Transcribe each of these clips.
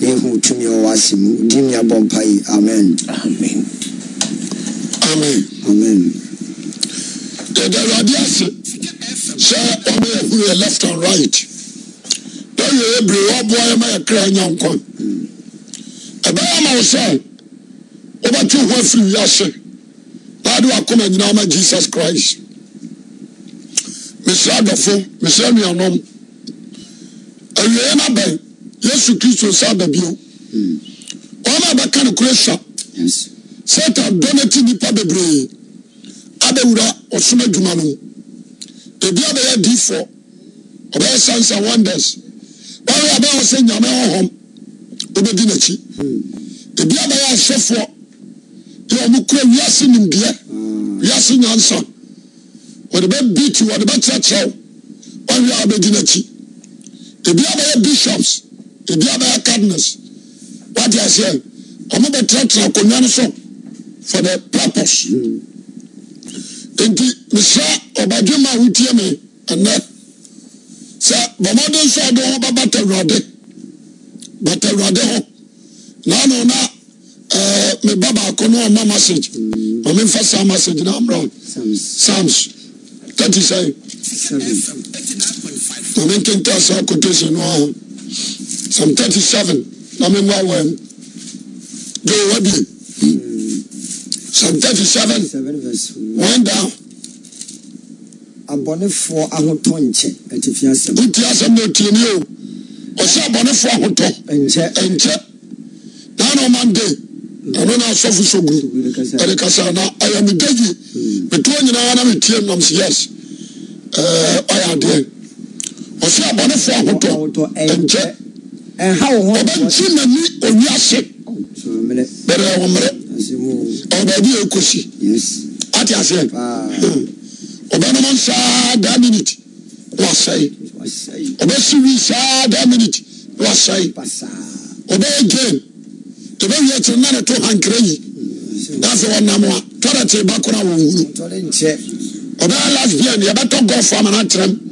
na tumi ɔwɔ ase mu di abɔ mpa yi amen. amen. amen. amen. ase sɛ ɔmo ehuru yɛ left and right lórí ebire wɔboa yɛ ma yɛ kra nya nkɔ ɛbɛyɛ ma wo sɛ wobɛtu ho afiri wiase na de wakoma nyinaa ma jesus christ mesrɛ adɔfo mesrɛ nuanom awiei no abɛn yesu kristo sá bẹ̀bí o wọn bá bá ká ní kúrẹ́ sá sẹ́tà dọ́nẹ́tì nípa bebree abẹ́wura ọ̀sùn ẹ̀dùnmá nù ebi abẹ́yẹ dìífọ̀ ọ̀bẹ́yẹ sáyẹnsì and wonders báwo yà bẹ́ẹ̀ ọ̀sẹ̀ nyàmé ọ̀họ́m ọbẹ̀ di n'akyi ebi abẹ́yẹ ahyẹ́fọ̀ yẹ ọmọ kúrẹ́ wíyásí nìmdíẹ́ wíyásí nyansa wọ́n bẹ́ẹ̀ bíìtì wọ́n bẹ́ẹ̀ kyerẹ́kyerẹ́w wọ́n wíyá abẹ́ di n'akyi ebi abẹ́yẹ bishops ebi abɛyɛ cardinals wadi aseɛ ɔmo bɛ trɛtrɛ akonnwa no so for the purpose nti mesrɛ ɔbadwe ma wotie me ɛnɛ sɛ bɔmɔden sɛ ɔde ho bɛba tawurade batawurade ho naano na ɛɛ me ba baako no ɔma message ɔmo nfa saa message na amrɛ psalms thirty seven ɔmo nkenta saa quotation no ɔho. Some thirty seven na mi mu awɔ mu de o wa bi thirty seven one down. abɔnefoɔ ahotɔ nkyɛ ɛtifi asɛm. o ti asɛm na o tie ni o ɔsɛ abɔnefoɔ ahotɔ nkyɛ nkyɛ naanị ɔman de ɛno na asɔfo so gu ɛde kasa na ɛyɛ mi dɛgi metuo nyinaa na mi tie nam si yɛs ɛɛ ɔyɛ adeɛ ɔsɛ abɔnefoɔ ahotɔ nkyɛ ɛha wɔ hɔ ɔbɛgye n'ani owi ase bɛrɛ ɛwɔ mmerɛ ɔbaabi yɛ kosi ate aseɛ ɔbɛnama saa daa minute wasɛe ɔbɛsi wi saa da minute wasɛe ɔbɛyɛ game tɛbɛwi akyire na ne to hankere yi n'afɛ ɔnam a tɔrɛte bakora wɔ wuru ɔbɛyɛ last year yɛbɛtɔ gɔfɔ amana kyerɛm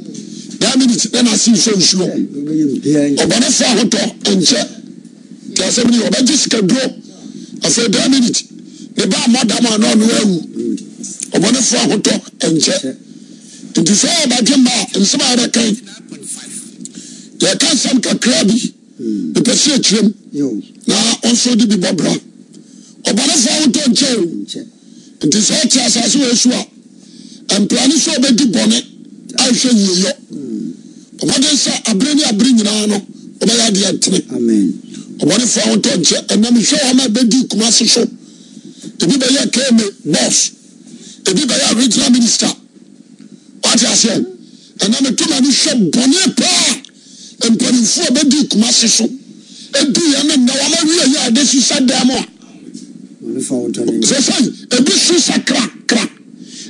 na minute na n'asi nso nsuo ọbọdọ fọ ahotọ nkyɛ tí a sẹ mi ni ọbẹ gye sika duro afẹ bẹẹ minute ne ba ama dam a n'ọnu ewu ọbọdọ fọ ahotọ nkyɛ nti sẹ ọba gye mma nsọm a yẹrẹ kan yẹ ká nsọm kakra bi pẹpẹ si ekyirem na ọnso di bi bọ bra ọbọdọ fọ ahotọ nkyɛ o nti sẹ ọkye asase wọ esu a mpilani sọ ọbẹ di bọni ahwẹ yiyọ ɔmɔden sɛ abere ne abere nyinaa no ɔbɛyɛ adeɛ tene ɔbɔnefoɔ ahotɔ nkyɛ ɛnam hwɛ wɔn bɛdi kuma se ebi bɛyɛ kame bɔs ebi bɛyɛ regional minister wate aseɛ ɛnam toma ne hwɛ bɔne paa mpanimfoɔ a kuma se ebi yɛn ne nna wɔn awie yɛ ade sisa dan mu a sɛsɛn ebi so kra kra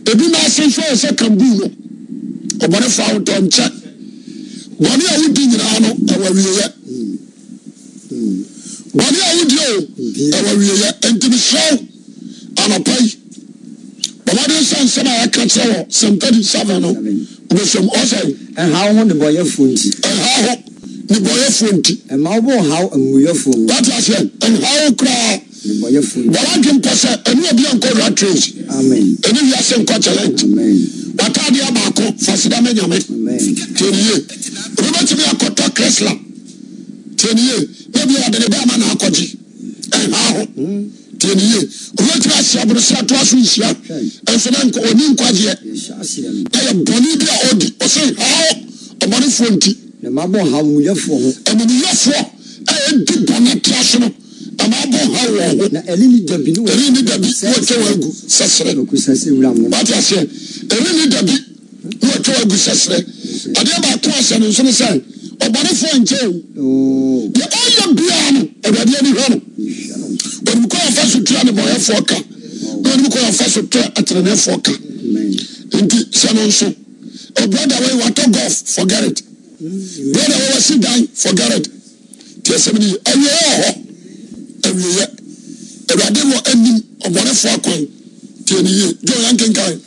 ebi maa se so yɛ kambu no ɔbɔnefoɔ ahotɔ nkyɛ wɔne a wodi nyinaa no ɛwɔ awieɛ wɔne a wodi o ɛwɔ awieɛ ntimisɛw anɔpa yi ɔmɔde nsa nsɛm a yɛka kyerɛ wɔ sɛm thirty seven no ɔbɛsɛm ɔsɛe ɛhaw ho nebɔyɛfoɔ nti ɛhaw ho nebɔyɛfoɔ nti ɛma wobɔ ɔhaw amuyɛfoɔ mu wate aseɛ ɛhaw koraa nebɔyɛfoɔ nti wɔwadwe mpɔ sɛ ɛne obi ankɔ rat race ɛne wiase nkɔ challenge watadeɛ baako fasida ma nyame tiɛniye obi akɔtɔ krisla tiɛniye ebi ɔde ne bɛɛma na akɔgye ɛha ho ahyia borosira toa so nhyia ɛnso na ɔni nkwagyeɛ na yɛ bi a ɔdi ɔsɛ haw ɔbɔnefoɔ nti amumuyɛfoɔ a yɛdi bɔne tea so no amabu ha wɔn ho ɛni ni dabi ɛni ni dabi wɔtwe wɔn agu sɛsrɛ wate aseɛ ɛni ni dabi wɔtwe wɔn agu sɛsrɛ adeɛ baako ahyɛ no nso no sɛ ɔbɔnefoɔ nkyɛn o deɛ ɔyɛ biara no awurade ani hwɛ no ɔnim kɔ yɛfa so tura ne bɔyɛfoɔ ka na ɔnim kɔ yɛfa so tura atenanefoɔ ka nti hyɛ no nso ɔbrɔda wɔyɛ watɔ golf forget it brɔda wɔwɔ si dan forget it tiɛ sɛm ni ɛyɛ ɛwɔ hɔ awieɛ awurade wɔ anim ɔbɔnefoɔ akwan tie ne yie gye ɔyɛ nkenkan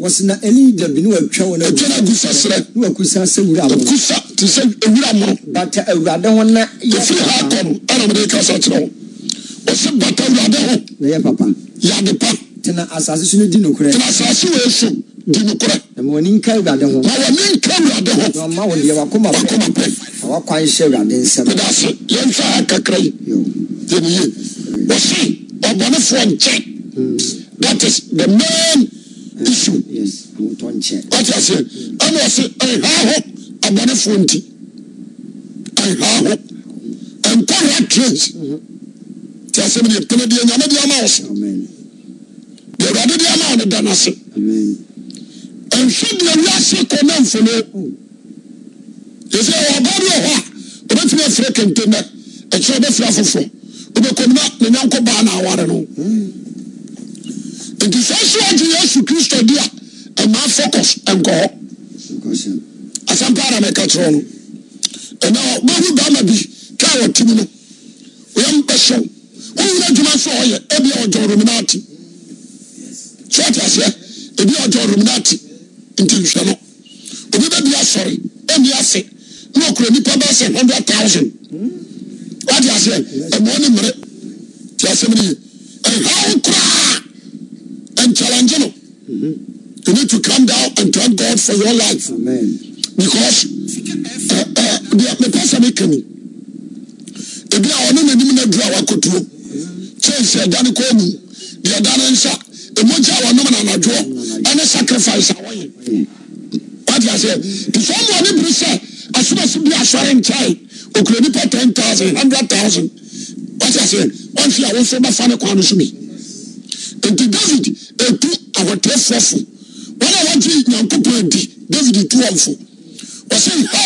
wɔsi na ɛni dabi ni wa twɛ wɔn na na kusa srɛ ni wa kusa sɛ wura mɔ kusa ti sɛ ewura mɔ bata awurade ho na yɛ ha kɔm ɛna kasa kyerɛ wɔn wɔsi bata awurade ho na yɛ papa yade pa tena asase so ne di nukurɛ tena asase wo esu di nukurɛ na wɔn ni nka awurade ho na wɔn ni nka awurade ho wɔn ma wɔn deɛ wakoma pɛ wakoma pɛ wɔn kwan hyɛ awurade nsɛm. ɛda so yɛn fa kakra yi yɛn yie wɔsi ɔbɔnifoɔ nkyɛn hmm. that is the main hmm. issue. ɔtí ase ɛna ɔsi ɛha hɔ ɔbɔnifoɔ nti ɛha hɔ ɛnkɔhɔ trains tí ase mi ni pene deɛ nyame deɛ ama ɔso deɛ awurade deɛ ama ɔno da n'ase ɛnhwɛ deɛ wiase kɔ na mfono yɛ sɛ ɛwɔ bɛfrɛ kente nɛ ɛkyerɛ bɛfrɛ foforɔ wobɛkɔm na ne nyanko baa na aware no nti sɛ so agye yesu kristo di a ɛmaa focus ɛnkɔ hɔ asɛmpa ara mɛka kyerɛ no ɛna mahu bama bi kaa wɔtumi no ɔyɛ mpɛhyɛw wowura adwuma sɛ ɔyɛ ebia ɔgya orominaate sɛ ɔte aseɛ ebia ɔgya orominaate nti nhwɛ no obi bɛbi asɔre ɛni ase na okura nipa bɛ sɛ hundred thousand wadi aseɛ ɛmɔ ne mmerɛ ti asɛm ne yie ɛhaw koraa and challenge no you need to calm down and thank God for your life Amen. because deɛ mepɛ sɛ meka ni ebi a ɔne n'anim na aduru a wakotuo kyɛn sɛ ɛda ne kɔn mu deɛ ɛda ne nsa emogya a wɔnom na anadwoɔ ɛne sacrifice a wɔyɛ wadi aseɛ nti sɛ ɔmo ɔne biri sɛ asomasi bi asɔre nkyɛn okura nipa ten thousand hundred thousand wɔte ase wɔnfi a wɔfɛ bɛfa ne kwan so mi nti david etu ahotefoɔ fo wɔn a wɔgye nyankopɔn di david tu wɔn fo wɔsɛ ha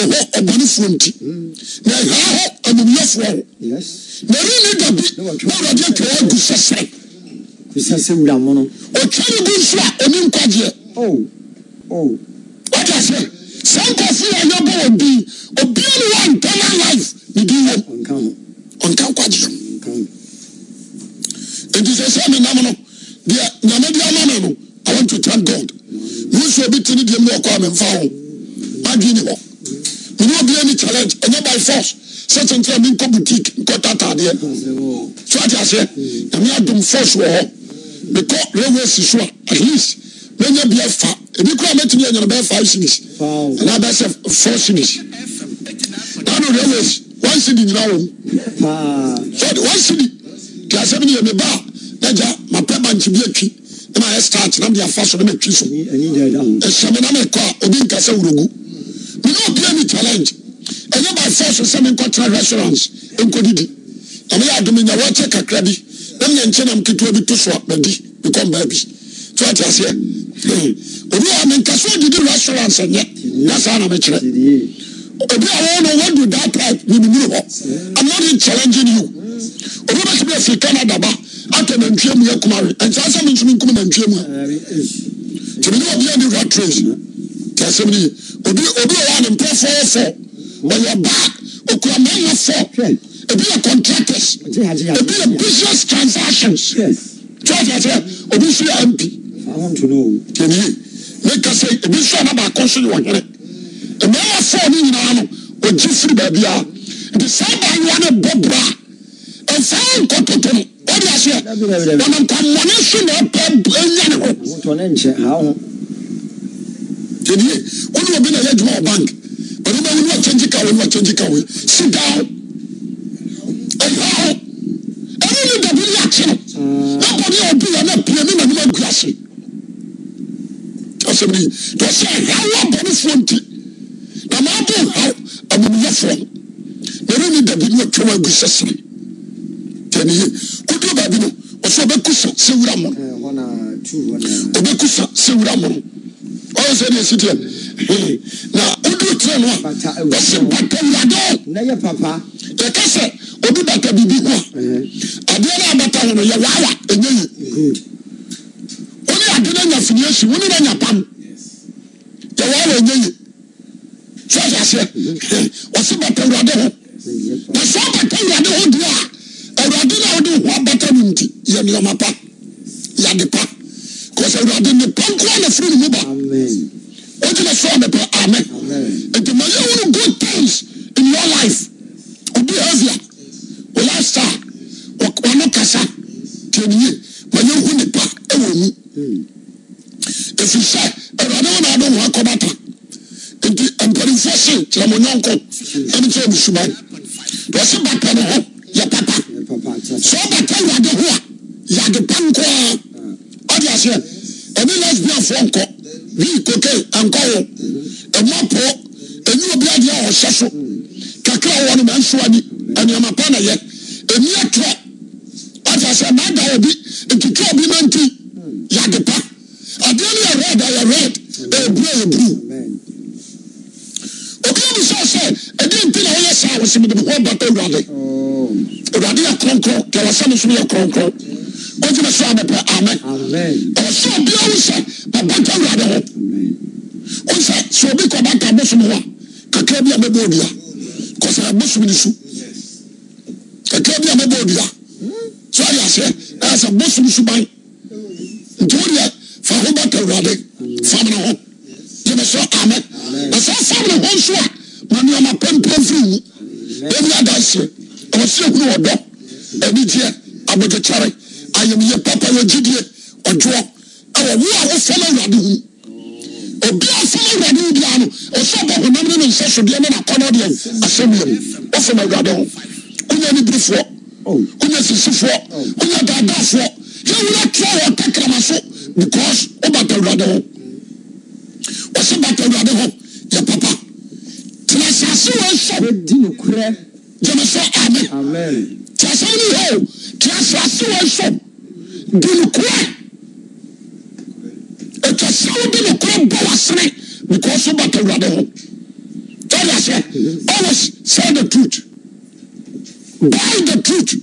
ɔhɔ ɔbɔnefoɔ nti na ha hɔ amumuyɛfoɔ ho na ɛrenni dabi na awurade atwa wɔn agu sɛsɛre ɔtwa ne bi nso a ɔne nkwagyeɛ oh, oh. wɔte ase saa nkɔfo yɛ yɛbɔ wɔ din obi a ne wɔ ntɛma life ne din wɔ ɔnka nkwagyeɛ mu nti sɛ sɛ ne nam no deɛ nyame de ama me no i want to thank god wosu obi te ne deɛ mu ɔkɔ a memfa ho madwe ne hɔ mene obia ne challenge ɛnyɛ by force sɛ kyɛnkyerɛ me nkɔ boutique nkɔ tatadeɛ so ate aseɛ nyame adom force wɔ hɔ mekɔ railway si so a at least mɛnya bia fa ebi kura mẹtìmí yẹn yẹn bẹẹ five cities ẹnna bẹẹ sẹ four cities kano railways one city nyina wɔm one city ti asɛm ni yɛ ba n'agya ma pɛ bankye bi atwi ɛna ayɛ starch na mi afa so na mi atwi so ɛsɛmi na mi kɔ a obi nkasa wurogu mi na obi ɛni challenge ɛnyɛ ba force sɛ mi nkɔ tena nkɔ didi na yɛ adumu nya wɔkyɛ kakra bi na yɛ nkyɛn na mi ketewa bi to so a mɛ di mi kɔ mbaa bi so ɛti aseɛ. Hmm obi a menkasa odidi restaurant nyɛ na saa na mekyerɛ obi a wɔn na wɔn do that type nimimiri hɔ i'm not even challenging you obi bɛ sɛ bɛ fi canada ba atɔ nantwie mu yɛ kumare nsa sɛ mi ntumi nkumi nantwie mu a tìmí ni obi a ni rat race tí a sɛm ni ye obi obi a wɔn a ne mpɛ fɔɔfɔ wɔyɛ baa okura mɛnyɛ fɔ Obi, yɛ contractors ebi yɛ business transactions tí a ti a ti yɛ obi fi yɛ mp. tiɛni ye meka sɛ ebi nso ana baako nso yɛ ɔhene mmarima fɔɔ no nyinaa no ɔgye firi baabi a nti saa abaayewa no bɔ bra ɛmfa nkɔtoto no ɔde aseɛ ɔno ntammɔne nso na ɛpɛ ɛnya ne ho tɛdie wone obi na yɛ adwuma wɔ bank ɔno ma wone wakyɛngye ka wei ne wakyɛngye ka wei si ho ɛha ho ɛne ne dabi ne akye na bɔne a ɔbi yɛ na pie ne nanom agu ase asɛm yi deɛ sɛ haw abɔnefoɔ nti na maabɔ haw amumuyɛfoɔ mɛre ne dabi ne atwam agu sɛ sere tɛneye koduro baabi no ɔsɛ ɔbɛku sa sɛ wura mmono ɔbɛku sa sɛ wura mmono ɔyɛ sɛ ne ɛsi deɛ na woduro tirɛ no a ɔsɛ bata wuradɛ yɛka sɛ obi bata biribi ho adeɛ no abata ho no yɛwaawa ɛnyɛ yi ade na nya fini esi wone na nya pam yɛwɔ awɔ nye yi so ɔsɛ aseɛ ɔsi bata awurade hɔ na sɛ ɔbata awurade hɔ deɛ a awurade na ɔde hɔ abata no nti yɛ nneɛma pa yɛade pa kɔsɛ awurade ne pa nkoa na firi ne mu ba ogyina so ɔde pɛ amen nti ma yɛ wɔn good things in your life obi healthier ɛfiri sɛ awurade wo naadɔ ho akɔbata nti mpanimfoɔ se kyerɛ mo nyɔnko ɛne kyerɛ musuma wɔse bata ne ho yɛ papa sɛ ɔbata awurade ho a yɛade pa nkoa ɔde aseɛ ɛne lesbianfoɔ nkɔ wii koke ankɔ wo ɛmɔpoɔ ɛni obi adeɛ a ɔhyɛ so kakra wɔ no ma nsoani ɛneɛma pa na yɛ ɛni atorɔ ɔde aseɛ maada obi ntutu obi ma nti yɛade pa adeɛ no yɛ red ayɛ red ebru ebru obi a bisɔ sɛ ɛdi nti na ɔyɛ saa wɔ sɛmɛ de bɔ ba pɛ wurade wurade yɛ kronkron kɛwɔ sɛ no yɛ kronkron ɔgyina so abɛpɛ amen ɔsɛ ɔbi awo sɛ bɛbɛ ka wurade hɔ ɔsɛ sɛ obi kɔ bata abosom hɔ kakra bi a bɛbɔ odua kɔsɛ abosom ne so kakra bi a bɛbɔ odua so ayɛ aseɛ ɛyɛ sɛ abosom so ban nti wɔdeɛ ho bɛtɔ awurade famena hɔ gyeme so amɛ na saa famena hɔ nso a ma nneɛma pɛmpɛm firi wu ɛni adanseɛ ɛwɔ sɛ ahunu wɔ dɔ anigyeɛ abodwokyɛre ayamyɛ papa yɛ gyidie ɔdwoɔ ɛwɔ wo a wofam awurade hu obi a fam awurade hu biara no ɔsɛ ɔbɔ honam ne ne nhyɛ sodeɛ ne nakɔnɔ deɛ asɛmmiam wofam awurade ho wonya ne birifoɔ oh. wonya sisifoɔ oh. wonya daadaafoɔ yɛwura tia wɔ takrama so because wobata awurade hɔ wɔsɛ bata awurade hɔ yɛ papa tena asase wɔ nsɔ gyeme sɛ amen te asɛm ne yɛ o te asase wɔ nsɔ di nokorɛ ɛtwa sɛ wode nokorɛ bɔ wasene because wobata awurade hɔ ɛdeɛ sɛ always say the truth buy the truth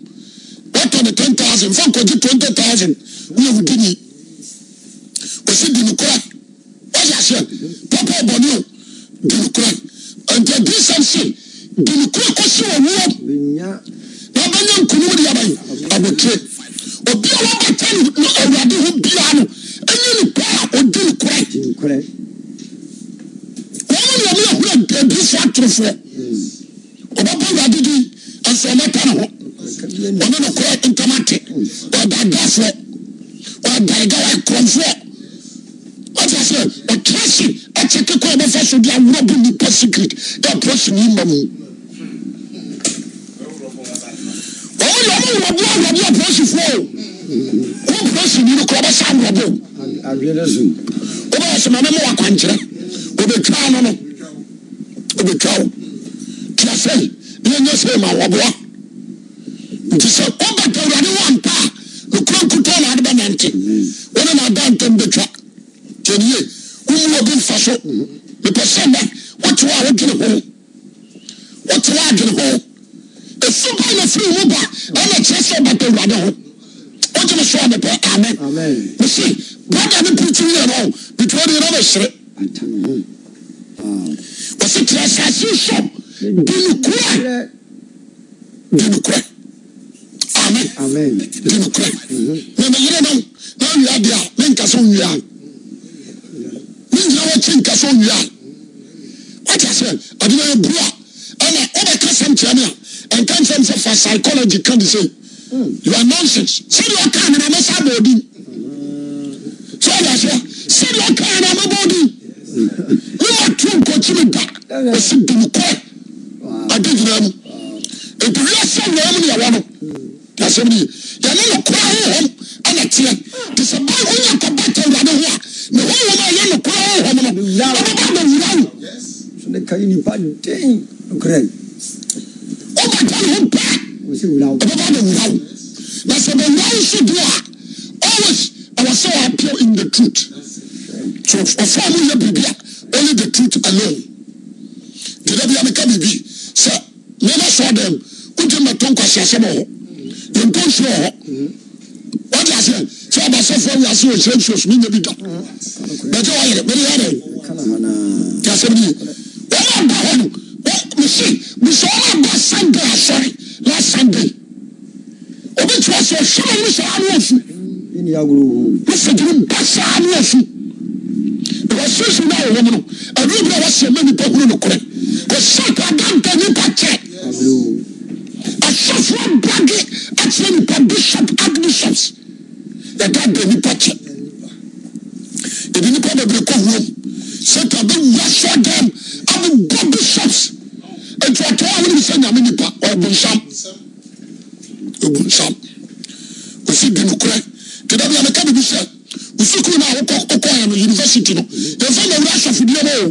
ɔtɔ ne ten thousand fɔ nkɔgye twenty thousand ne yɛ wudini osi di ne kura ɔyɛ aseɛ papa ɔbɔne o di ne kura nti di sɛm se di ne kura kɔsi wɔ wuo na ɔbɛnya nkunim de yaba yi abotire obi a wɔba tɛn no awurade ho bia no ɛnyɛ nipa a ɔdi ne kura wɔn mu na wɔn yɛ hura ebi fo atorofoɔ ɔbɛbɔ awurade di ɛsɛ ɔbɛka ne ho ɔne nokorɛ ntɛm ate ɔda dɔfoɔ ɔda ɛgawa kurɔfoɔ ɔte sɛ ɔkyerɛ se ɛkyɛ kekɔ a ɛbɛfa so de aworɔ bo nipa secret dɛ prɔsin yi ma mu ɔwo yɛ ɔmo wurɔbo awurɔbo aprɔsifoɔ o wo prɔsin yi no kora ɔbɛsa awurɔbo wobɛyɛ sɛ mame ma wakwankyerɛ obɛtwa ano no obɛtwa wo tiasɛi ne yɛnyɛ sɛ ma wɔboa nti sɛ wobɛka awurade wɔ mpa a nokora nkuta na ade bɛnante wone na ada ntam bɛtwa kyɛnie womu obi mfa so mepɛ sɛ nɛ wote hɔ a wodwene ho wote hɔ adwene ho ɛfu ba na firi mu ba ɛna kyerɛ sɛ wobɛka awurade ho wogyene so a mepɛ amen mese brada ne pirikyi yɛ no bituwa de yɛ no bɛhyere wɔse kyerɛ asase so dinukura dinukura Amen. Na mi yere dɔn na o nua bia mi nkasa o nua mi nyina wɔ kye nkasa o nua wati ase adina yɛ bua ɛna ɔbɛ ka sɛm tia mi a nka n sɛm sɛ fa psychology ka di se you are nonsense sɛbi ɔka nina mɛ sa bɔ odi so ɔbɛ ase sɛbi ɔka nina mɛ bɔ odi mi ma tu nkɔkyi mi da esi dunu kɔɛ adi gyina mu etu wi ase wɔ mu ni ɛwɔ no yasɛm nie yɛne nokora honhom ɛna teɛ nti sɛ ba wonya kɔba kyɛ awurade ho a ne honhom a ɛyɛ nokora honhom no ɔbɛba bɛwura wo ne ka yi nipa den nokora yi woba gya ne ho pɛ ɛbɛba bɛwura wo na sɛ bɛwura wo so deɛ a always ɛwɔ sɛ wɔapeɛ in the truth so ɔfa mo yɛ biribi a only the truth alone nti da bia meka biribi sɛ mema sɛ dɛm wogyemmɛto nkwasiasɛm wɔ hɔ ne mpa nsuo wɔ hɔ wɔde aseɛ sɛ ɔba sɔfoɔ ne aseɛ ɔhyɛ nsuo so ne nya bi da bɛgye wɔyere mede yɛ dɛn nti asɛm ne ye wɔn aba hɔ no mese mesɛ wɔn aba sunday asɔre last sunday obi tí wọ́n sọ ṣọ́nà yìí sọ àánú ẹ̀fí mẹsàgìrì bá sọ àánú ẹ̀fí ìwọ sísun náà wọ̀ mu no ẹ̀rú ìbílẹ̀ wọ́n sọ ẹ̀mẹ́ nípa kúrò nìkúrẹ́ kò sọ́ọ̀tù àdáǹtẹ̀ nípa kyẹ́ asọ́fọ́ bàgẹ́ yɛfrɛ nipa bishop archbishops yɛda bɛ nipa kyɛ ebi nipa bebree kɔ huom sɛta bɛwura sɔ dɛm abobɔ bishops nti ɔtɔ a wonim sɛ nyame nipa ɔbunsam ɔbunsam osi di nokorɛ nti da bia meka biribi sɛ osukuu no a wokɔɛ no university no yɛmfa na wura asɔfodiɛ ma o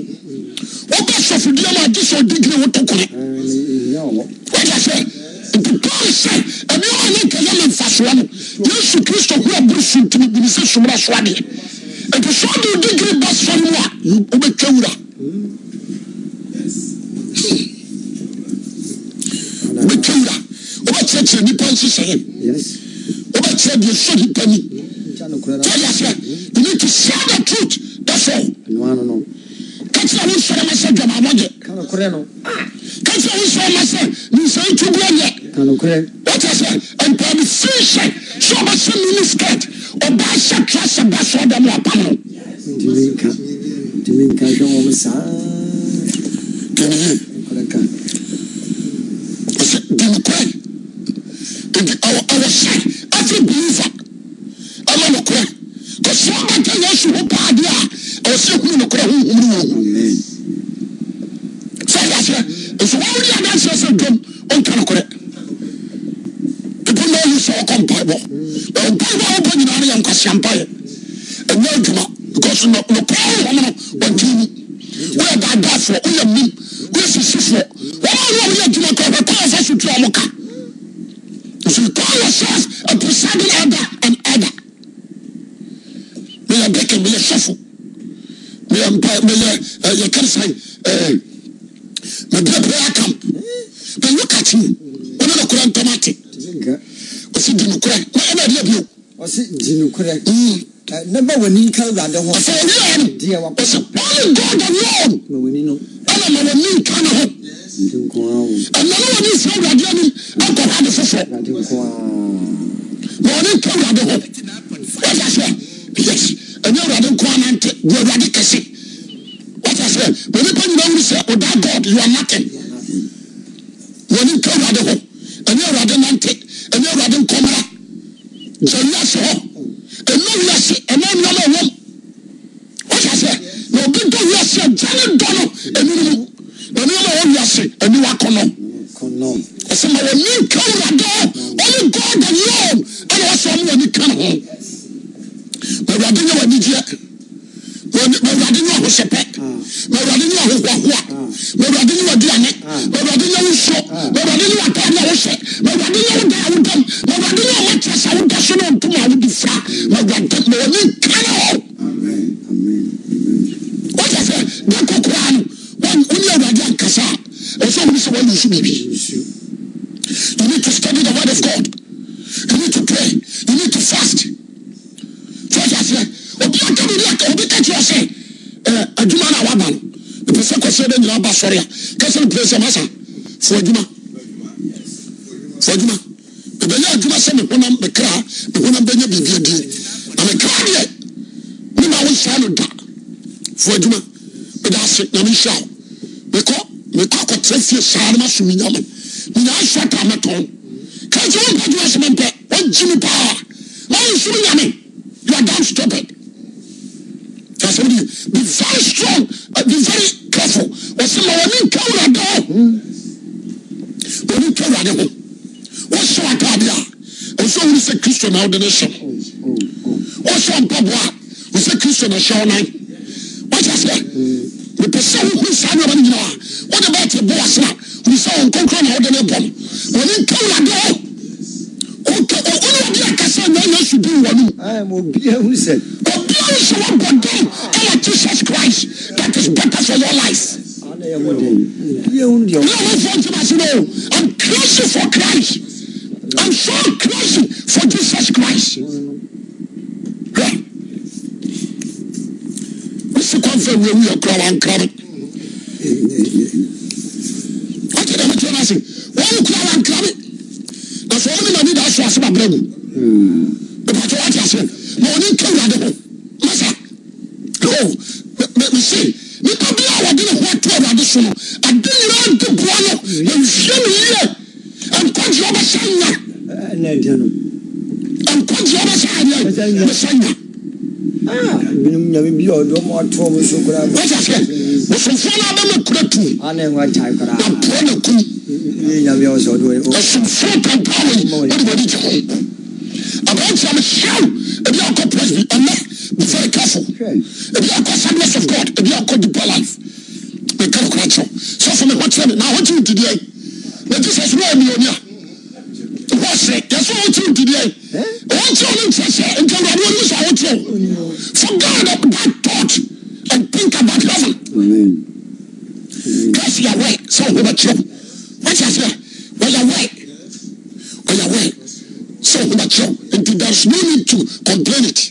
wobɛ asɔfodiɛ ma agye sɛ ɔdigine wotokore wagya sɛ ntutuase ebi a ne kɛyɛ ne nfasoɔ no yesu kristo hu aburu suntumi bi ne sɛ sumura so adeɛ nti so de digiri ba sɔn mu a wobɛtwa wura wobɛtwa wura wobɛkyerɛkyerɛ nipa nhyehyɛeɛ wobɛkyerɛ deɛ sɛ nipa ni tɛdeɛ sɛ you need to share truth that's all wo nsɔre ma sɛ dwamamɔgye nokorɛ no ka ah, sɛ wo sɛ ma sɛ nsae tubuɔ yɛ nokorɛ wokyɛ sɛ mpaade fii hyɛ sɛ mini skirt ɔbaa hyɛ trasɛ ba sɛ ɔda mu apam no ntumi nka hwɛ wɔ m saa ɔsɛ denokorɛ nti ɛwɔ hyɛ every believer ɛma nokorɛ kɔsoa bɛka yesu ho paadeɛ a ɛwɔ sɛ hunu nokorɛ honhum ne wɔ hu adanseɛ nso wɔwodi adanseɛ sɛ dwom ɔnka nokorɛ ebi na ɔyi sɛ ɔkɔ mpaebɔ mpaebɔ a wobɔ nyinaa no yɛ nkwasea mpaeɛ ɛnyɛ adwuma because nokorɛ wɔm no wɔntiri mu woyɛ daadaafoɔ woyɛ mim woyɛ sisifoɔ wɔma ne a woyɛ adwuma kɔ ɛbɛkɔ a ɛfa so tua ka nso call yourself a presiding elder and elder meyɛ dekin meyɛ sɔfo meyɛ mpa meyɛ yɛ kɛrɛsɛn ɛɛ mepɛ prayer camp but look at you ɔno na kura ntɛm ate ɔsi di nukura na ɛna ɛdi ɛbi o. ɔsi di nukura. ne bɛ wɔni nka awurade hɔ. ɔsɛ ɔni yɛn ɔsɛ ɔni god alone. ma wɔni no. ɛna ma wɔni nka ne ho. ɛna ne wɔni nsa awurade anim akɔ ha de foforɔ. ma wɔni nka awurade hɔ. wɔdi asɛ yes ɛnyɛ awurade nko anante wɔ awurade kɛse sɛ onipa nyina wuru sɛ ɔda god you are nothing wɔne nka awurade hɔ ɛne awurade nante ɛne awurade nkɔmmra sɛ wiase hɔ ɛna wiase ɛna nneɛma ɛwɔm wɔhyɛ sɛ na obi dɔ wiase agyane dɔ no ɛnu no mu na nneɛma ɛwɔ wiase ɛnu wakɔnɔ ɛsɛ ma wɔne nka awurade hɔ ɔne god alone ɛna wɔsɛ ɔmo wɔne ka ne ho na awurade nyɛ wɔ anigyeɛ asɔre a kɛsɛ no pere sɛ masa fo adwuma fo adwuma ɛbɛyɛ adwuma sɛ me honam me kra me honam bɛnya biribi adi na me kra deɛ ne ma wo nhyira no da fo adwuma meda ase nyame nhyira wo mekɔ mekɔ akɔtera fie saa no maso menya me menya asɔ ta mɛtɔn kra kyɛ wo mpa adwuma sɛ mɛmpɛ wagyi me paa ma wo nsom nyame you be very strong and be very careful wọ́n sọ ma wọ́n ní nka awurade hɔ wọ́n ní nka awurade hɔ wọ́n sọ ataade a ọsọ wọ́n sẹ kristu náà ọdún ẹ̀ṣẹ̀ wọ́n sọ mpaboa wọ́n sẹ kristu náà ẹ̀ṣẹ̀ ọ̀nà wọ́n sọ sẹ nípa sẹ wọ́n kún sáà ní ọba nìyí náà wọ́n dẹ̀ bá ti bọ́ ọ̀sẹ̀ náà wọ́n sọ wọn kọ́kọ́ náà ọdún ẹ̀ bọ̀ wọ́n ní nka awurade hɔ wọ́n ní ọdún ẹ̀kasa náà yẹ things you want to do ɛyɛ jesus christ that is better for your life. mi ò wọ́n fọ́ jìnnà sí o i'm crazy for christ i'm so crazy for jesus christ. wosi kɔnfɛ wo ewu yɛ kura wa nkira mi ɔtí dɛm tí wọn ase wọn kura wa nkira mi na sọ wọn ni na mi da aso ase ma brɛ mu ìbàtí wọn ti ase na wọn ni nkira de ho masa o mese nipa bi a wɔde ne ho ato awurade so no ade nyinaa di boa no na nhwɛ no yie nkwagye ɔbɛsa nya nkwagye ɔbɛsa adeɛ bɛsa nya binom nyame bi ɔde ɔma ɔtoɔ mu so koraa wasa sɛ bosomfoɔ no abɛma kura tu ana ɛho akyae koraa na poɔ ne kum ɛsomfoɔ pampaa wei wode bɔde gye ho aberantia mehyɛw ebi akɔ sadness of God ebi akɔ deeper life nka kura kyerɛw sɔfo mi wɔkyerɛ mi na wɔkyerɛ ti diɛ na jesus wo ɛmi onia wɔsɛ yasɔ wɔkyerɛ ti diɛ wɔkyerɛ ne nkyerɛsɛ nka awurade wɔn nisɔn wɔkyerɛw for God of that thought and think about heaven kasi yawɛ sɛ ɔwɔ bɛkyerɛw wɔkyerɛ sɛ wɔyawɛ wɔyawɛ sɛ ɔwɔ bɛkyerɛw nti there is no need to complain it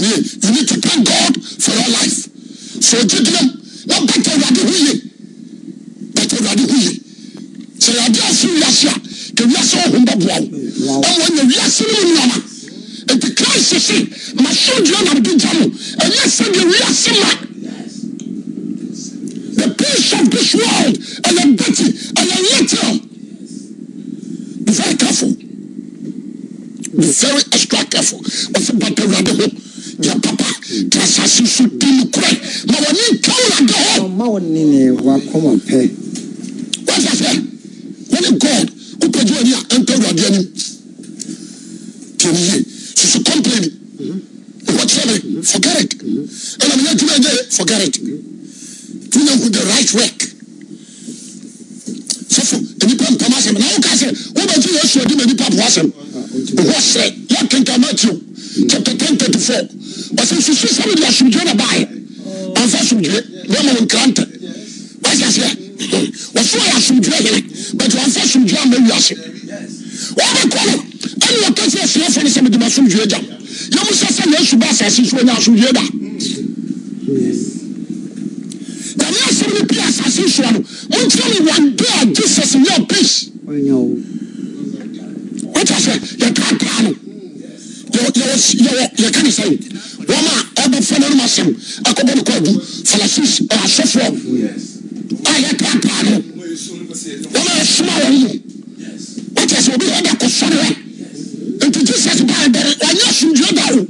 yie you need to thank God for your life so ojú dìbò na bàtà ìwádìí hu yie bàtà ìwádìí hu yie sọ yà adé asin wiase a kè wiase ọhún bẹ bọ ọ ọmọ ẹnyẹ wiase mi nìyàmà ètò Christ sè mà sọdúnrún nà bí jà mọ ẹnyẹ sẹbi wiase mà the peace of this world ẹyẹ bẹtì ẹyẹ little be very careful be very extra careful wọ́n sọ bàtà ìwádìí hu asase so di nukurɛ ma wɔne ntwa wurade hɔ ɔma wɔne ne wakɔma pɛ wasa sɛ wɔne god wopɛgye wani a ɛmpɛ awurade anim tiɛnye susu complain wɔkyerɛ me forget it ɛna menyɛ adwuma ɛnyɛ forget it wonya hu the right work sɛfo nnipa mpam asɛm na woka sɛ wobɛgye yɛsu adi ma nnipa boa asɛm ɛhɔ serɛ yɛkenka matthew chapter ten thirty four ɔsɛ susu sɛne de asomdwe na baɛ ɔmfa asomdwe na ma nkrantɛ wasaseɛ wɔsoa yɛ asomdwe hene but wɔmfa asomdwe ama wiase wɔbɛkɔ no ɛne wɔka sɛ asuafo no sɛ mede masomdwe gyam yɛmu sɛ sɛ yesu ba asase so ɔnya asomdwe da nyame asɛm no pii asase soa no monkyerɛ me one day a jesus nyɛ peace wokyɛ sɛ yɛkaa taa no yɛka ne sɛe wɔma ɛbɛfa no nom asɛm akɔbɔ no kɔadu falasis ɔasɔfoɔ a yɛkrapaa no wɔma ɛsoma wɔyɛ wote sɛ obi hɔ da kɔsɔre hɔ nti jesus baa dɛre ɔnyɛ asomdua da o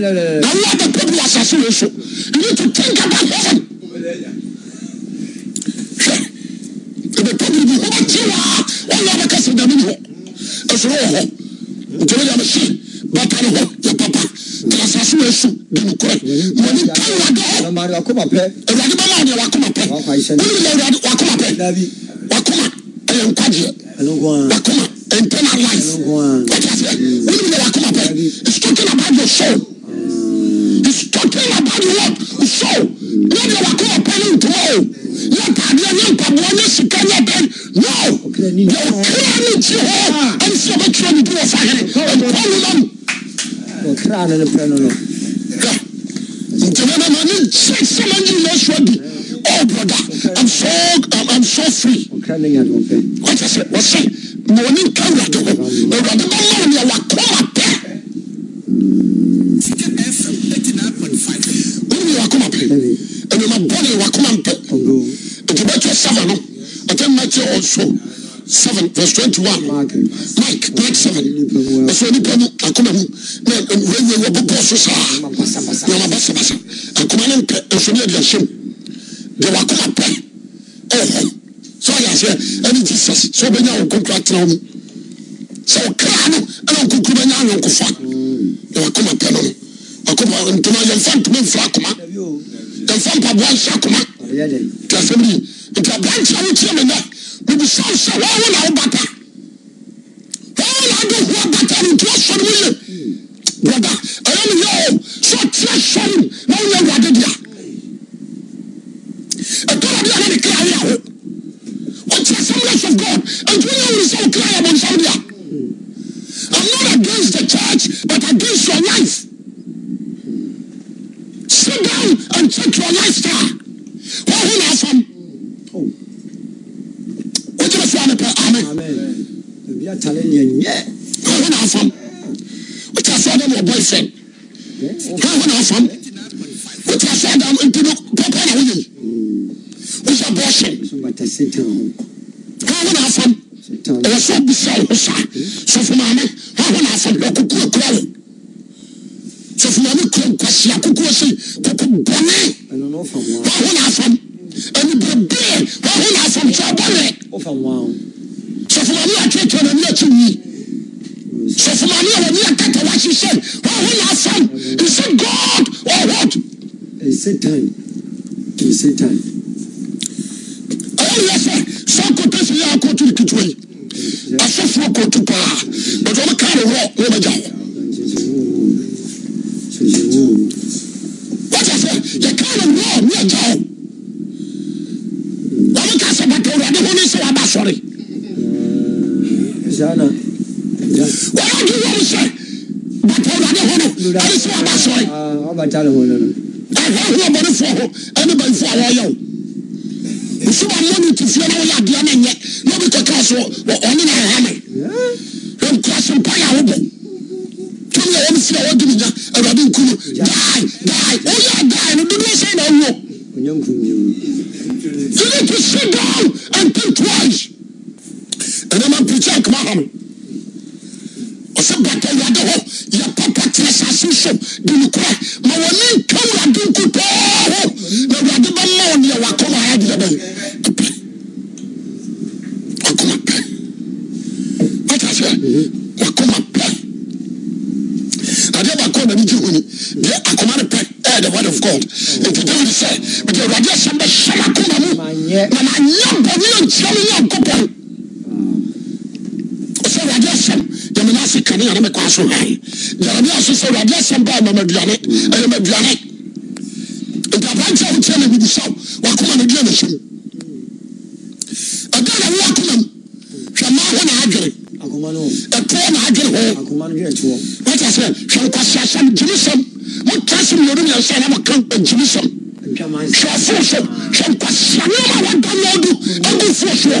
na wo abɛpɛ bi asase wei so you need to think about heaven hwɛ ɛbɛpɛ bi bi wobɛkye waa ɔnyɛ wobɛka sɛ dame ni hɔ ɛsoro wɔ hɔ nti wode amɛhyee firi hɔ yɛ papa na wo esu di no korɛ wɔne ka wɔ dɔ awurade bɛma adeɛ wakoma pɛ wone mɛ awurade wakoma pɛ wakoma ɛyɛ nkwagyeɛ wakoma internal life wɔtaseɛ wone wakoma pɛ is talking about your soul is talking about your what soul ne deɛ wakoma pɛ ne ntoma o yɛ ataadeɛ ne mpaboa ne sika ne ɛbɛn no deɛ ɔkra ne gye hɔ ɛnsɛ ɔbɛtwerɛ ne bi wɔ sahene ɛmpɔwo nam nti wọn náà ní sẹsẹmọ ní ilé ẹsùn ẹbí oh brother i'm so i'm, so free wọ́n ti sẹ wọ́n sẹ na wọ́n ní nka ìwádìí hó ìwádìí bá wọ́n ní ẹ̀wà kọ́ wà pẹ́. wọ́n ní ìwà kọ́ wà pẹ́ ẹ̀mí ma bọ́ ní ìwà kọ́ wà pẹ́ ètò bẹ́ẹ̀ tí ó sábà nù ọ̀tẹ́ mẹ́tì ọ̀ṣọ́ seven verse twenty one mike mike seven ɛfɛ nipa mu akoma mu na nwurawura wɔ bɔ bɔɔso saa na wɔn abasabasa akoma ne mpɛ nso ne yɛ de ahyɛm deɛ wakoma pɛ ɛwɔ so ayɛ aseɛ ɛne jesus so ɔbɛnya wɔn kɔnkɔn atena wɔn sɛ ɔkra no ɛna nkukuru bɛnya anyɔnkofa na wakoma pɛ no no akoma ntoma yɛmfa ntoma mfra akoma yɛmfa mpaboa nhyɛ akoma te asɛm yi nti aberanteɛ wo kyerɛ me nɛ bibisa sɛ wɔwo na wo bata wɔwo na ade hoɔ bata no nti wasɔre mu ye brɔda ɛyɛ ne yɛ o sɛ ɔteɛ sɔre na wonyɛ awurade dea ɛtɔrade ana ne kra wo aho ɔte assemblies of god ɛnti wonyɛ wore sɛ wo kra yɛ bɔnsaw dea I'm not against the church, but against your life. Sit down and check your lifestyle. What will happen? Oh. yà tàlẹ́ ni ẹ̀ nyẹ́. káwọn náà fam wọ́n ti afẹ́ dẹ́mu ọ̀bọ̀ ìfẹ́ káwọn náà fam wọ́n ti afẹ́ dẹ́mu ntino pọ́pọ́ náà wọ́yẹ wọ́n yẹ bọ́ọ̀ṣẹ̀ káwọn náà fam ẹ̀wọ̀n sọ bisẹ́ ọ̀hún sá sọ fún maame. Same Satan to Satan. ọ̀hún yẹ sẹ́ sọ́kò tó fi yẹ akọ́tù kìtìwé asọ́fọ́ kòtù paa bàtà ọmọ káàrọ̀ wọ̀ wọ́n bẹ jà wọ́. wọ́n ti sẹ́ yẹ káàrọ̀ wọ̀ ní ẹ̀já o wọ́n mú káàsẹ̀ bàtà ọ̀rọ̀ adéhùn ní sẹ́wọ́n bá sọ̀rọ̀. wọ́n yà á dúró wọ́n sẹ́ bàtà ọ̀rọ̀ adéhùn ní sẹ́wọ́n bá sọ̀rọ̀ ahoahoa bɔnefoɔ ho ɛne bayifo a wɔyɛ wo nso wa mmɔ ne tifiɛ na woyɛ adeɛ no nyɛ na obi kɔka so ɔne na ɛha me nkura so mpa yɛ awobɔ twɛne a wɔm fira wɔde me nya awurade nku no dae dae woyɛ dae no dodoɔ sɛ na awuo You need to sit down and think twice. And then I'm preaching, come on ɔsɛ bɛtɛ awurade hɔ yɛpɔ kɔtena sase so de nokorɛ ma wɔne nka awurade nkutɔɔ hɔ na awurade bɛma wo neɛ wakɔma ayɛdeɛ bɛyɛ wakɔma pɛ wata sɛ wakɔma pɛ adeɛ baakɔ na ne gye honi deɛ akoma ne pɛ ɛyɛ the word of god nti david sɛ mede awurade asɛm bɛhyɛ makoma mu na manyɛ bɔne ankyerɛ me nyɛ nkopɔn ɔsɛ awurade asɛm yɛmɛ na ase kane yɛne mekɔ aso hae jeremia so sɛ awurade asɛm baa mamaduane ɛyɛ maduane nti aberante a wotia ne bibusa wakoma no dua nahyɛm ɛda na wo akoma m hwɛ ma ho na adwere ɛtoɔ na adwere ho wata sɛ hwɛ nkwaseasɛm gyimisɛm motra se mmienu miɛnsa na moka gyimisɛm hwɛ ɔforo so hwɛ nkwaseanema wɔda no adu agu fuo soɔ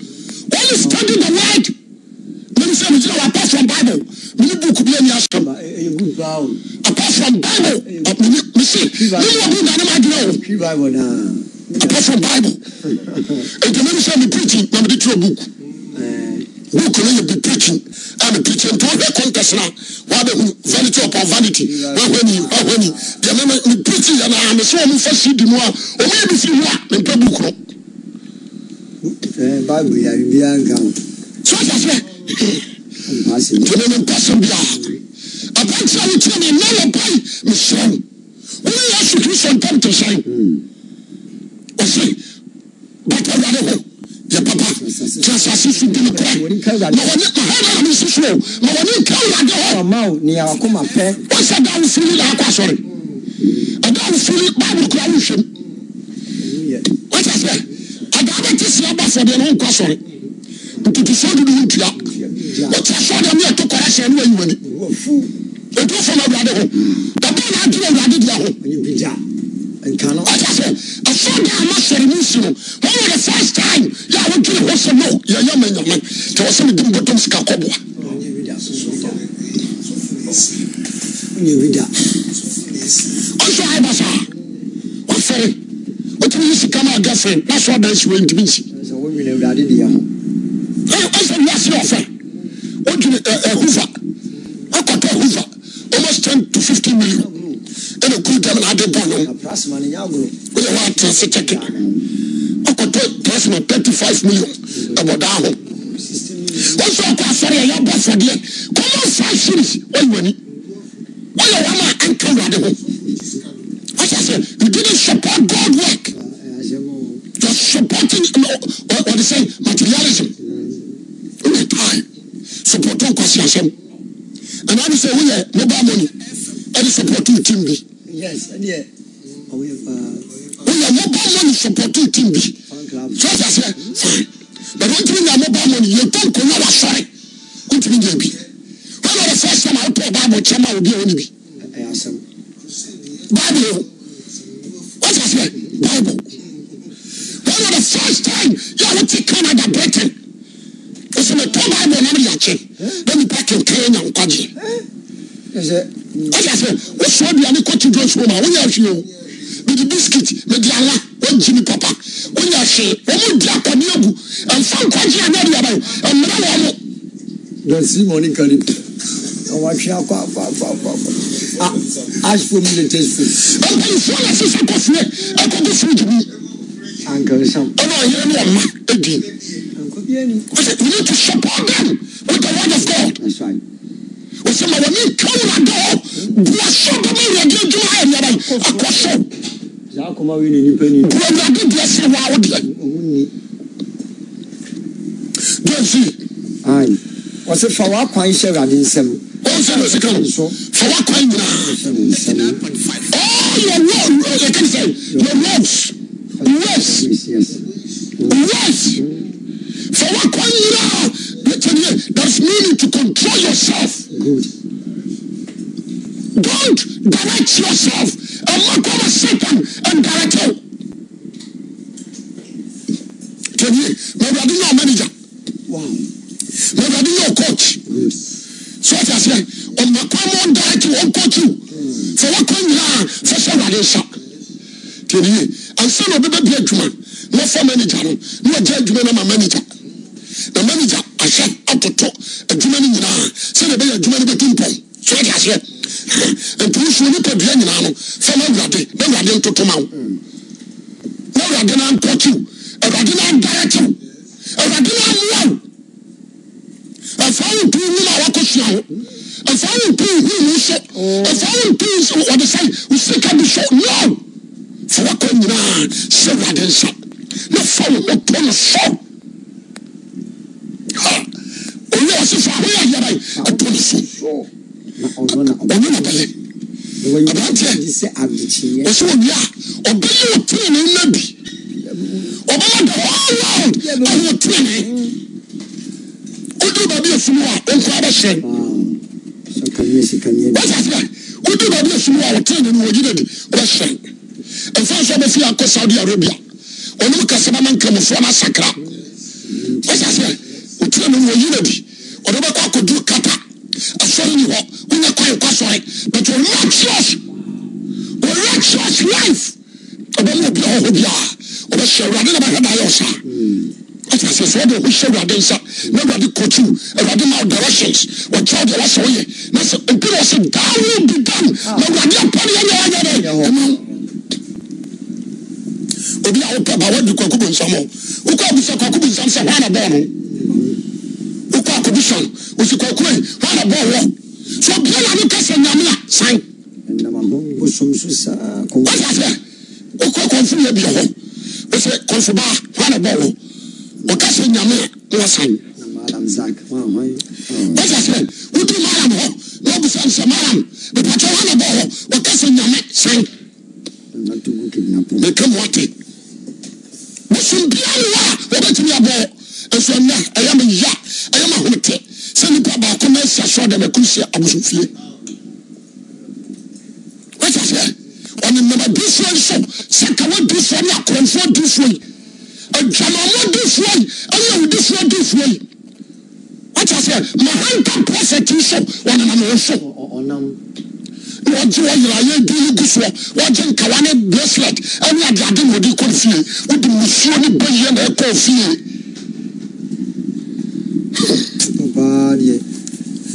you study the word mímu sẹ mi gyina wọ apart from bible mímu book bi ẹni asọ apart from bible mímu eh, mi oh, you mímu wọ bíi nanu know. gyina o apart from bible ètò mímu sẹ mi preaching na mi di turo book eh. book no you be preaching a mi preaching nti ɔhwɛ contest now. wabɛ the vanity upon vanity wahwɛ ni wahwɛ ni deɛ mi mi preaching yɛ na a sɛ ɔmo fa cd mu a ɔmo yɛ bi fi mu a mi mpɛ book no bible yɛ biribiara nka ho so ɔda sɛ tene ne mpɛsɛ bia apanti a wokyerɛ ne nna wɔpae meserɛ wo wone yesu kristo ntam te sɛe ɔse bata ware hɔ yɛ papa kyɛ asase so bi ne korɛ na wɔne mahana na mesu so ma wɔne nka wurade hɔ wosɛ da wo firi ne akɔ asɔre ɛda wo firi bible kora wohwɛm wotasɛ asɛ deɛ no nkɔ sɔre nti ti sɔɔ dodo ntua wɔte asɔɔ deɛ ne ɛto kɔra hyɛ ne wayi wani ɛtu fam awurade ho dapɛ na adwene awurade dea ho ɔte sɛ ɛsɔɔ deɛ ama sɔre ne nsi no wɔn wɔ the first time yɛ a wɔdwene hɔ sɛ no yɛyɛ ma nyame nti wɔ sɛ mede mbɔtɔm sika kɔboa ɔsɔ ayɛ basa ɔfɛre wotumi yi sika no agafɛ na sɔɔ dansi wɔ ntimi nsi wodwene awurade deɛ ho ɔsɛ wiase ɔfɛ wodwene ahova wokɔtɔ ahova almost ten to fifteen million ɛna kuru dɛm na ade bɔ no woyɛ woatrase kyɛke wokɔtɔ plasma thirty five million ɛbɔdaa ho wosɛ ɔkɔ asɔre ɛyɛ bɔ afɔdeɛ kɔmɔ saa series wɔyiwani wɔyɛ wɔn a anka awurade ho wɔsɛ sɛ you didn't support God work supporting no what, they say materialism in the time supporting kwasi and I say we are mobile money and supporting team B yes and yeah we uh, oh, are mobile money supporting team B just as fine but when you are mobile money you don't go now sorry what you mean JB when was the first time I put a Bible chama will be only be Bible what is that Bible That was ah, the first time yóò wọ́n ti Canada Britain. Èsì mi tó báyìí bọ̀ náà mi yà kye. Bẹ́ẹ̀ni pàkì kẹ́yẹ nyà nkwájì. Ọ̀sẹ̀ sẹ́, o sọ bi ani kọ́tù dúró sọ ma, o yà fi o. Bìdì biskit, bìdì ala, o jì mi papa. O yà fi, o mu di akọni egu. Ẹnfa nkwájì àná ẹ̀dí yàrá yìí, ẹ̀mìrán wọ̀ mu. Yẹn sí mọ̀ ní kárí. Ọwọ́ àti akọ akọ akọ akọ akọ. Ash fún mi lè tẹ́ fún mi. Ọ̀pẹ̀ ìfúnlẹ̀ sísè kọ̀ fún ẹ̀ ẹ̀kọ́ bí fún jù Uncle We need to support them with the word of God. That's right. We say, when you come to the door, bless you, but we do do I am ready. Akoso. Zakoma we need penny. We are the blessing of our God. Don't see. Aye. What's it for our coin share and in some? Also, the second. your love. You can say, your loves yes yes for what one year there's no need to control yourself don't direct yourself and look over satan and direct you. Maybe I him manager. Wow. Maybe I mẹ̀wúrẹ́dì yóò coach So what sọ́ọ̀tì say? ọ̀nà my mọ́ direct wọn coach you for what one year fẹsẹ̀ wà ní sàn tiɛniye ansa na ɔbɛbɛ bi adwuma na fa manager no na ɔgya adwuma na ma manager na manager ahyɛ atotɔ adwuma no nyinaa sɛdeɛ ɛbɛyɛ adwuma no bɛtu mpɔn so ɔde aseɛ nturusuo nipa dua nyinaa no fa na awurade na awurade ntoto ma wo na awurade na ntɔkyew awurade na adarɛkyew awurade na amoa wo ɛfa wo ntu nwoma a wakɔ sua ho ɛfa wo ntu nhuru mu nso ɛfa wo ntu nso wɔde sɛ wo sika bi so no fa wakɔ nyinaa hyɛ awurade nsa na fa wo ho to no so ɔyɛ ɔse fa ho yɛ yɛrɛ ɛto no so ɔno na bɛyɛ aberanteɛ ɔsɛ ɔwie a ɔbɛyɛ wo tenene nna bi ɔbɛyɛ the whole world ɛho wo tenene woduru baabi afunu a ɔnkora bɛhyɛ wasa sɛ woduru baabi afunu a wɔtenene no wɔgyina di wɔbɛhyɛn ɛfa sɛ bɛfi akɔ saudi arabia ɔnom kɛsɛ bɛma nkramofoɔ no asakra ɔsa sɛ ɔtura no wɔ yina bi ɔde bɛkɔ akɔduru kata asɔre ni hɔ wonyɛ kɔe kɔ sɔre but righteous righteous life ɔbɛma obi ɔhɔ biara ɔbɛhyɛ awurade na bɛhwɛ da yɛ ɔsaa ɔtí asɛ sɛ ɔdi ɔhyɛ ɔwurade nsa na ɔwurade kɔtu ɔwurade ma directions ɔkyerɛ ɔdi ɔwɔ sɛ ɔyɛ na sɛ obi wɔ sɛ daa wo bi dan na ɔwurade apɔne yɛ nyɛ wɔnyɛ dɛ ɛmu ebi a wopɛ ba wadi kwaku bu nsam o wokɔ abisa kwaku bu nsam sɛ hwana bɔɔ no wokɔ akɔbisan osi kwaku e hwana bɔɔ wɔ so bia na ne kasa nyame a san wasasɛ wokɔ kɔnfo yɛ bia hɔ wosɛ kɔnfo baa hwana bɔɔ wɔ wɔkasa nyame a wɔ san wasasɛ wotu maram hɔ na wobisa nsɛ maram mepatɛ hwana bɔɔ hɔ wɔkasa nyame san mekɛ moate bosom biara wɔ a wɔbɛtumi abɔ nso ɛnɛ ɛyɛ me ya ɛyɛ me ahomete sɛ nnipa baako na asi asɔ dɛm ɛkuru hyɛ abosomfie wɔkya sɛ ɔne nnam adifoɔ yi so sɛ kawa difoɔ ne akorɔmfoɔ difoɔ yi adwamamɔ difoɔ yi ɛyɛ awudifoɔ difoɔ yi wɔkya sɛ mahanta prɔfɛt yi so wɔnenam wo so wagye wayera yɛ du no gu soɔ wagye nkawa ne bracelet ɛne adeade na ɔde kɔ fie wode musuo ne bɛyɛ na ɛkɔ fie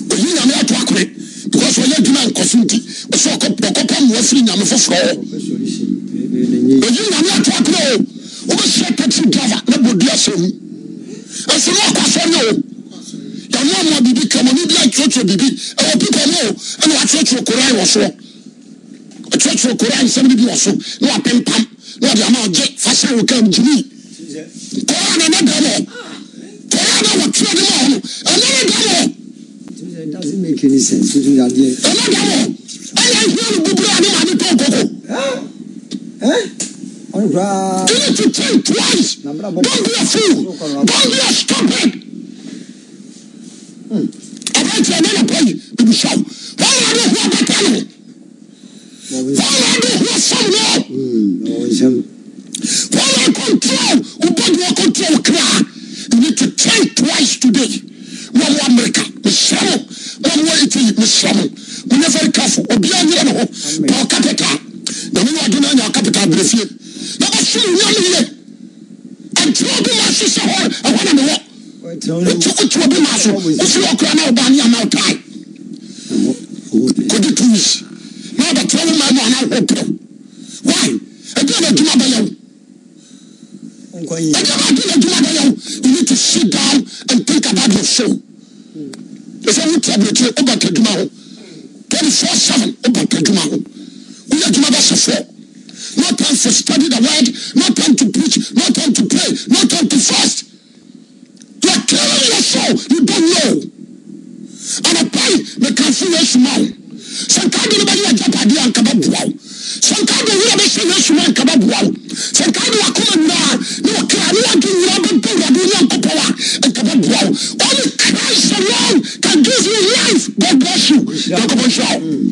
ɔyi nyame ato akore because ɔyɛ adwuma nkɔso nti ɔsɛ ɔkɔpa mmoa firi nyame foforɔ ɔ ɔyi nyame ato akore o wobɛhyɛ taxi driver na bɔdi asɛ mu ɛsɛ ne ɔkɔ asɔre o yɛne amoa biribi ka mɔ ne bi atwerɛtwerɛ biribi ɛwɔ ɔmo ɛna wɔatwerɛtwerɛ koraa wɔ soɔ ɔtwerɛtwerɛ koraa nsɛm bi wɔ so na wapempam na wɔde ama ɔgye fasa wo kam gyimi koraa na ne dɛm wɔ koraa na wɔtwerɛ de ma ɔmo ɛno ne dɛm wɔ ɛno dɛm wɔ ɛyɛ nhwɛ no bubura ne ma ne tɔn You need to think twice. Don't be a fool. Don't be a stupid. Hmm. Abẹ́tí ẹ̀ nínú pẹ́yì busa o wọn yà ni hu abata ni wọn yà ni hu asam ni wọn yà control o body wa control kra you need to try twice today wọn wọ America nsiamu wọn wọ Italy nsiamu wọn yẹ very careful obi a nyere ne ho paul capital na wọn yà ọdún náà yà capital abiri fie na wọn sún wọn yà ni yẹ ẹtì ọdún máa ṣiṣẹ́ hɔ ẹhọ náà ni wọ ẹtì ọdún máa ṣiṣẹ́ hɔ ẹsẹ ọkùnrin náà ọba ni àmà ọtá yìí forty two years na abɛtɛ wo ma mu ana ho pere why ebi a n'adwuma bɛyɛ wo ebi a n'adwuma bɛyɛ wo you need to sit down and think about your soul efe wo tia bi ekyir ɔba ka adwuma ho twenty four seven ɔba ka adwuma ho wo yɛ adwuma bɛ sɛ four. No time to study the word, no time to preach, no time to pray, no time to fast. You are killing your soul, you don't know. And I pray, the confirmation now sɛ nkaade no bɛyɛ agyapadeɛ anka bɛboa wo sɛ nkaade wura bɛhyɛ no asuma anka bɛboa wo sɛ nkaade wakoma nnaa ne wɔkra ne wade nwura bɛbɛ wurade ne ankopɔ a anka bɛboa wo only Christ alone can give you life God bless you yankopɔ nhyira